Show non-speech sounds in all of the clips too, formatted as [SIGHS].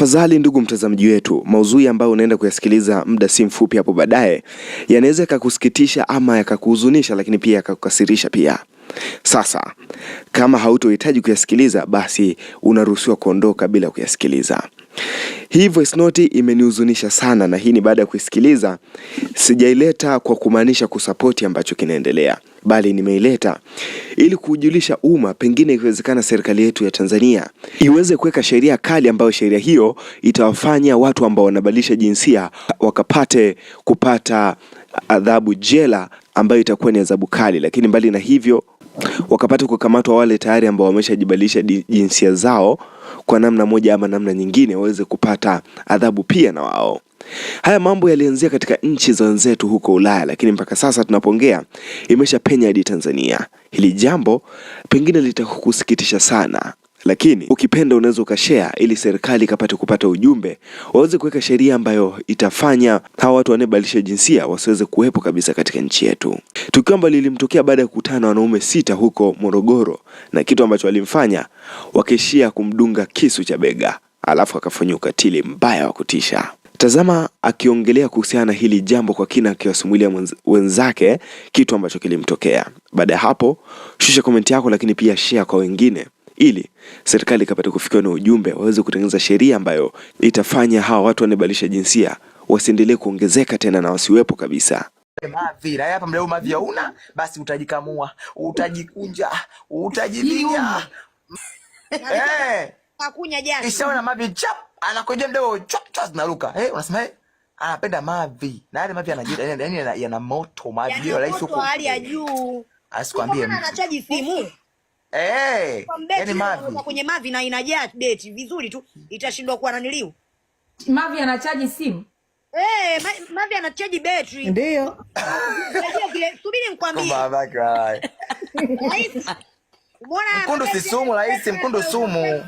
Tafadhali ndugu mtazamaji wetu, mauzui ambayo unaenda kuyasikiliza muda si mfupi hapo baadaye yanaweza yakakusikitisha ama yakakuhuzunisha, lakini pia yakakukasirisha pia. Sasa kama hautohitaji kuyasikiliza, basi unaruhusiwa kuondoka bila kuyasikiliza. Hii voice note imenihuzunisha sana, na hii ni baada ya kuisikiliza. Sijaileta kwa kumaanisha kusapoti ambacho kinaendelea, bali nimeileta ili kujulisha umma, pengine ikiwezekana, serikali yetu ya Tanzania iweze kuweka sheria kali, ambayo sheria hiyo itawafanya watu ambao wanabadilisha jinsia wakapate kupata adhabu jela, ambayo itakuwa ni adhabu kali, lakini mbali na hivyo wakapata kukamatwa wale tayari ambao wameshajibadilisha jinsia zao kwa namna moja ama namna nyingine waweze kupata adhabu pia na wao. Haya mambo yalianzia katika nchi za wenzetu huko Ulaya, lakini mpaka sasa tunapoongea imeshapenya hadi Tanzania. Hili jambo pengine litakusikitisha sana, lakini ukipenda unaweza ukashare ili serikali ikapate kupata ujumbe, waweze kuweka sheria ambayo itafanya hawa watu wanaebadilisha jinsia wasiweze kuwepo kabisa katika nchi yetu. Tukio ambalo lilimtokea baada ya kukutana wanaume sita huko Morogoro, na kitu ambacho walimfanya wakishia kumdunga kisu cha bega, alafu akafanyia ukatili mbaya wa kutisha. Tazama akiongelea kuhusiana na hili jambo kwa kina, akiwasimulia wenzake kitu ambacho kilimtokea. Baada ya hapo, shusha komenti yako, lakini pia share kwa wengine ili serikali ikapata kufikiwa na ujumbe, waweze kutengeneza sheria ambayo itafanya hawa watu wanabadilisha jinsia wasiendelee kuongezeka tena na wasiwepo kabisa. Mavira hapa mleo, maadhira una basi, utajikamua, utajikunja, utajilia eh, akunya jana kishaona mavi chap, anakuja mdomo chap chap zinaruka eh, unasema eh, anapenda mavi na yale mavi anajiita, yani yana moto mavi, hiyo rais huko hali ya juu, asikwambie mtu anachaji simu Eh, yani Mavi. Kwenye Mavi na inajaa beti vizuri tu, itashindwa kuwa naniliu. Mavi anachaji simu. Eh, Mavi anachaji betri. Ndio. Subiri nikwambie. Mkundu si sumu rahisi, mkundu sumu.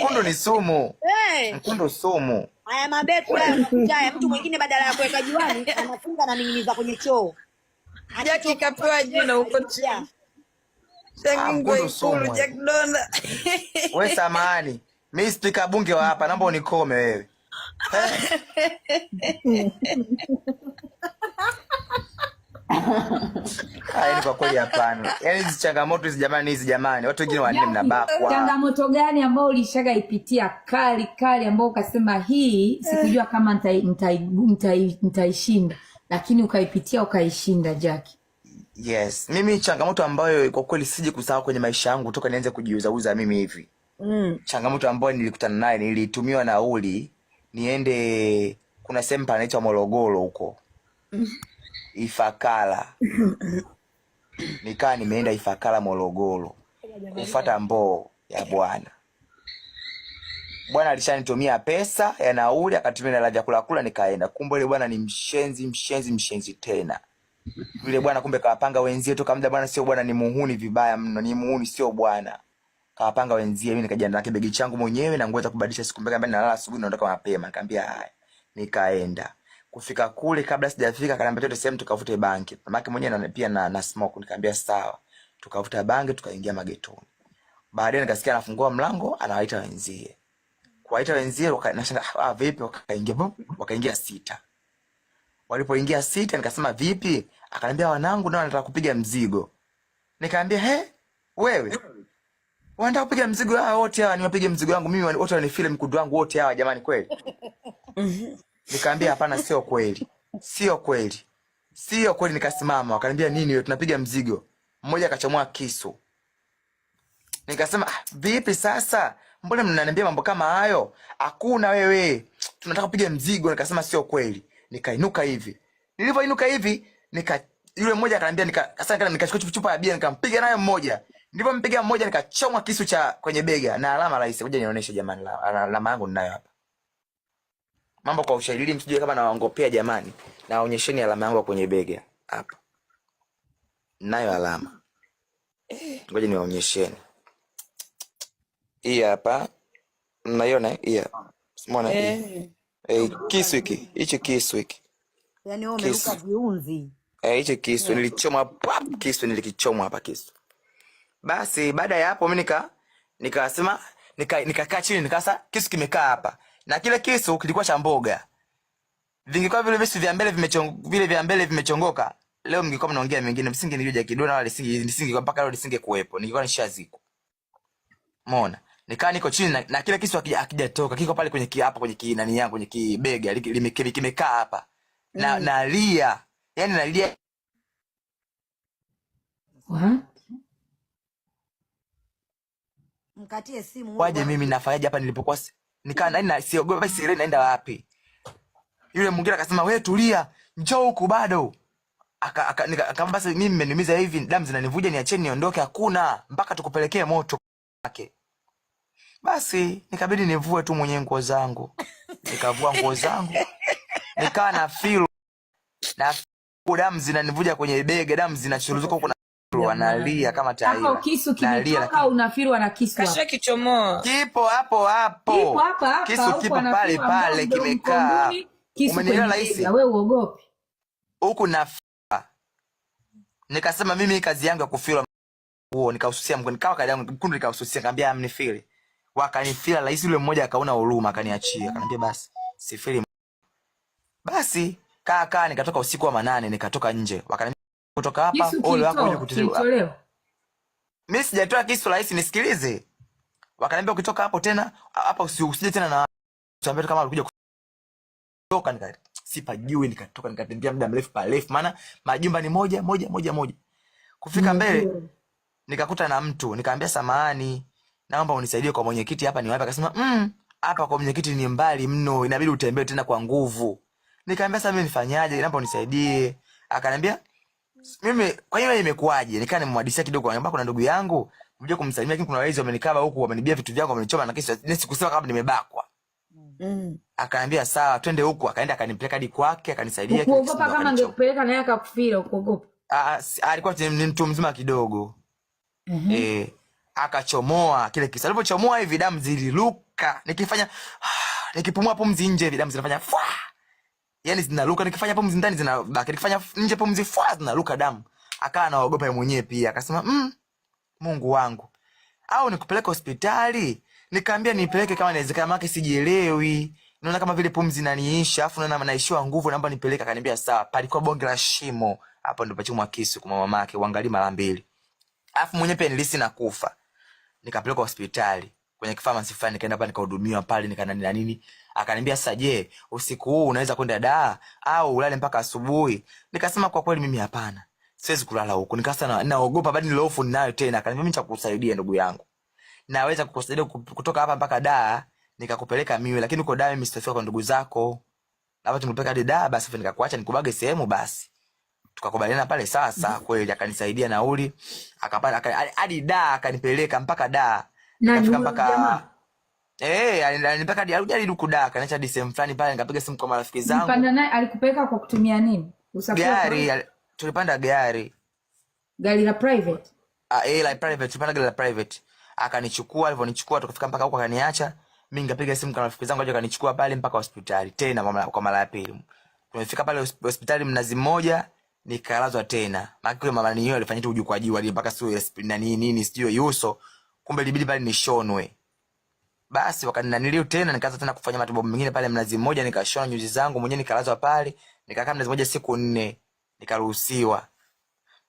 Mkundu ni sumu. Mkundu sumu. Haya mabetri haya mtu mwingine badala ya kuweka juani anafunga na ning'iniza kwenye choo. Ah, Jack ikapewa jina huko chini. Jack Donda. Wewe samahani. Mimi spika bunge wa hapa, naomba unikome wewe. [LAUGHS] Yaani kwa kweli hapana. Yaani hizi changamoto hizi jamani, hizi jamani, watu wengine wanne mnabakwa. Yaani, changamoto gani ambayo ulishaga ipitia kali kali ambayo ukasema hii sikujua kama nitaishinda? lakini ukaipitia ukaishinda Jackie. Yes, mimi changamoto ambayo kwa kweli siji kusahau kwenye maisha yangu toka nianze kujiuzauza mimi hivi mm. changamoto ambayo nilikutana naye, nilitumiwa nauli niende, kuna sehemu panaitwa Morogoro huko [LAUGHS] Ifakara nikaa nimeenda Ifakara Morogoro kufata mboo ya bwana bwana alishanitumia pesa ya nauli akatumia hela ya chakula kula, nikaenda. Kumbe yule bwana ni mshenzi, mshenzi, mshenzi tena yule bwana. Kumbe kawapanga wenzie tu kamda bwana, sio bwana, ni muhuni vibaya mno, ni muhuni, sio bwana, kawapanga wenzie. Mimi nikajiandaa kibegi changu mwenyewe na nguo za kubadilisha, siku mbili mbili, nalala asubuhi, naondoka mapema. Nikamwambia haya, nikaenda. Kufika kule, kabla sijafika, akaniambia twende sehemu tukavute bangi, mamake mwenyewe na pia na, na smoke. Nikamwambia sawa, tukavuta banki tukaingia magetoni. Baadaye nikasikia anafungua mlango, anawaita wenzie kuwaita wenzie ah, vipi? Wakaingia wakaingia sita. Walipoingia sita, nikasema vipi? Akaniambia wanangu nao wanataka kupiga mzigo. Nikaambia he, wewe wanataka kupiga mzigo? Hawa wote hawa niwapige mzigo wangu mimi, wote wanifile mkudu wangu wote hawa, jamani, kweli? [LAUGHS] Nikaambia hapana, sio kweli, sio kweli, sio kweli. Nikasimama. Wakaniambia nini wewe, tunapiga mzigo. Mmoja akachomoa kisu. Nikasema ah, vipi sasa mbona mnaniambia mambo kama hayo? Hakuna wewe, tunataka piga mzigo. Nikasema sio kweli, nikainuka hivi. Nilivyoinuka hivi nika yule mmoja akaniambia, nikasema nikachukua chupa ya bia nikampiga nayo mmoja, ndipo mpiga mmoja, nikachomwa kisu cha kwenye bega na alama rahisi. Kuja nionyeshe jamani, alama yangu ninayo hapa. Mambo kwa ushahidi, msijue kama nawaongopea jamani, naonyesheni alama yangu kwenye bega hapa, nayo alama eh, ngoja niwaonyesheni hii hapa mnaiona hii hapa. Simona hii. Eh, eh kisu hiki, hicho kisu hiki. Yaani wewe umeruka viunzi. Eh, hicho kisu eh. nilichoma pap, kisu nilikichoma hapa kisu. Basi baada ya hapo mimi nika nikasema nika nikakaa nika chini nikasa kisu kimekaa hapa. Na kile kisu kilikuwa cha mboga. Vingekuwa vile visu vya mbele vimechongoka, vile vya mbele vimechongoka. Leo mngekuwa mnaongea mengine, msingi nijuja kidona wala nisinge nisinge mpaka leo nisinge kuwepo. Ningekuwa nishazikwa. Umeona? nikaa niko chini na, na kila kisu akijatoka kiko pale kwenye ki, hapa kwenye kinani yangu kwenye kibega kimekaa hapa na mm. nalia yani nalia mkatie simu waje mimi nafanyaje hapa nilipokuwa nikaa nani siogopa basi ile naenda wapi yule mwingine akasema wewe tulia njoo huku bado aka, basi mimi mmeniumiza hivi damu zinanivuja niacheni niondoke hakuna mpaka tukupelekee moto wake basi nikabidi nivue tu mwenyewe nguo zangu, nikavua nguo zangu, nikaa na feel na damu zinanivuja kwenye bega, damu zinachuruzuka huko wanalia kama taifa. Kisu kimetoka unafirwa na kisu. Kasha kichomoa. Kipo hapo hapo. Kipo hapa hapa. Kisu kipo pale pale kimekaa. Umenielewa rahisi. Wewe uogope. Huku na Nikasema mimi kazi yangu ya kufirwa huo nikahususia mgeni nikawa kadi yangu mkundu nikahususia kaambia amnifiri wakanifila rais Yule mmoja akaona huruma, akaniachia, akaniambia basi sifili Basi kaa kaa, nikatoka usiku wa manane, nikatoka nje, wakaniambia kutoka hapa ole wako kuja kutizwa. Mimi sijatoa kisu rais nisikilize. Wakaniambia ukitoka hapo tena hapa usije tena na tuambie kama alikuja kutoka. Nika sipajui, nikatoka nikatembea muda mrefu parefu, maana majumba ni moja moja moja moja. Kufika mbele nikakuta na mtu, nikaambia samahani naomba unisaidie kwa mwenyekiti hapa ni wapi? Akasema mm, hapa kwa mwenyekiti ni mbali mno, inabidi utembee tena kwa nguvu. Nikaambia sasa mimi nifanyaje? Naomba unisaidie. Akaniambia mimi kwa hiyo imekuaje? Nikaa nimwadisia kidogo, ambako kuna ndugu yangu mje kumsalimia, lakini kuna wezi wamenikaba huku, wamenibia vitu vyangu, wamenichoma na kesi, nisi kusema kama nimebakwa. Mm. Akaambia sawa, twende huku. Akaenda akanipeleka hadi kwake, akanisaidia. Kuogopa kama angekupeleka naye akakufira, kuogopa. Ah, alikuwa ni mtu mzima kidogo. Mm -hmm. Eh, akachomoa kile kisa. Alipochomoa hivi damu ziliruka, nikifanya [SIGHS] nikipumua pumzi nje, hivi damu zinafanya fwa, yani zinaruka. Nikifanya pumzi ndani zinabaki, nikifanya nje pumzi fwa, zinaruka damu. Akawa anaogopa yeye mwenyewe pia, akasema mm, Mungu wangu, au nikupeleke hospitali? Nikaambia nipeleke kama inawezekana, maana sijielewi naona kama vile pumzi naniisha, afu naona naishiwa nguvu, naomba nipeleke. Akaniambia sawa. Palikuwa bonge la shimo, hapo ndo pachomwa kisu kwa mama yake, uangalie mara mbili, afu mwenyewe pia nilisi nakufa nikapelekwa hospitali kwenye kifamasi fulani, nikaenda pale nikahudumiwa pale, nika nani na nini. Akaniambia sasa, je, usiku huu unaweza kwenda daa au ulale mpaka asubuhi? Nikasema kwa kweli mimi hapana, siwezi kulala huku. nikasema naogopa, bado nilo hofu ninayo tena. Akaniambia mimi nitakusaidia ndugu yangu, naweza kukusaidia kutoka hapa mpaka daa, nikakupeleka miwe, lakini uko daa mimi sitafika kwa ndugu zako, labda tunakupeleka hadi daa, basi nikakuacha nikubage sehemu basi tukakubaliana pale sasa. Mhm. Kweli akanisaidia nauli, akapanda hadi da akanipeleka mpaka da nikafika mpaka eh, alinipeleka hadi alikuja hadi hadi sehemu fulani pale, nikapiga simu kwa marafiki zangu. naye alikupeleka kwa kutumia nini? Usafiri gari al, tulipanda gari gari la private ah, eh la private, tulipanda gari la private, akanichukua. Alivyonichukua tukafika mpaka huko, akaniacha mimi, nikapiga simu kwa marafiki zangu, aje akanichukua pale mpaka hospitali tena, kwa mara ya pili. Tumefika pale hospitali Mnazi Mmoja nikalazwa tena, maana yule mama nini alifanya tu kwa juu ali mpaka sio na nini nini sio yuso kumbe ilibidi pale nishonwe. Basi wakaninaniliu tena, nikaanza tena kufanya matibabu mengine pale Mnazi Mmoja, nikashona nyuzi zangu mwenyewe, nikalazwa pale, nikakaa Mnazi Mmoja siku nne, nikaruhusiwa.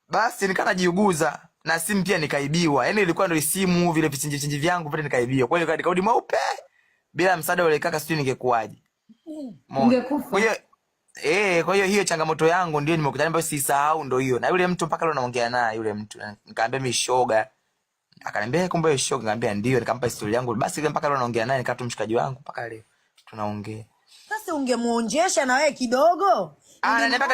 Basi nikanajiuguza na simu pia nikaibiwa, yani ilikuwa ndio simu vile vichinji vichinji vyangu vile nikaibiwa. Kwa hiyo nikarudi mweupe bila msaada ule kaka, sijui ningekuaje. Ungekufa. Eh, kwa hiyo hiyo changamoto yangu ndio nimekutana ambayo sisahau ndio hiyo. Na yule mtu mpaka leo naongea naye yule mtu. Nikamwambia mimi shoga. Akaniambia kumbe yeye shoga, nikamwambia ndio, nikampa historia yangu. Basi mpaka leo naongea naye nikatu mshikaji wangu mpaka leo. Tunaongea. Sasa ungemuonjesha na wewe kidogo. Ah,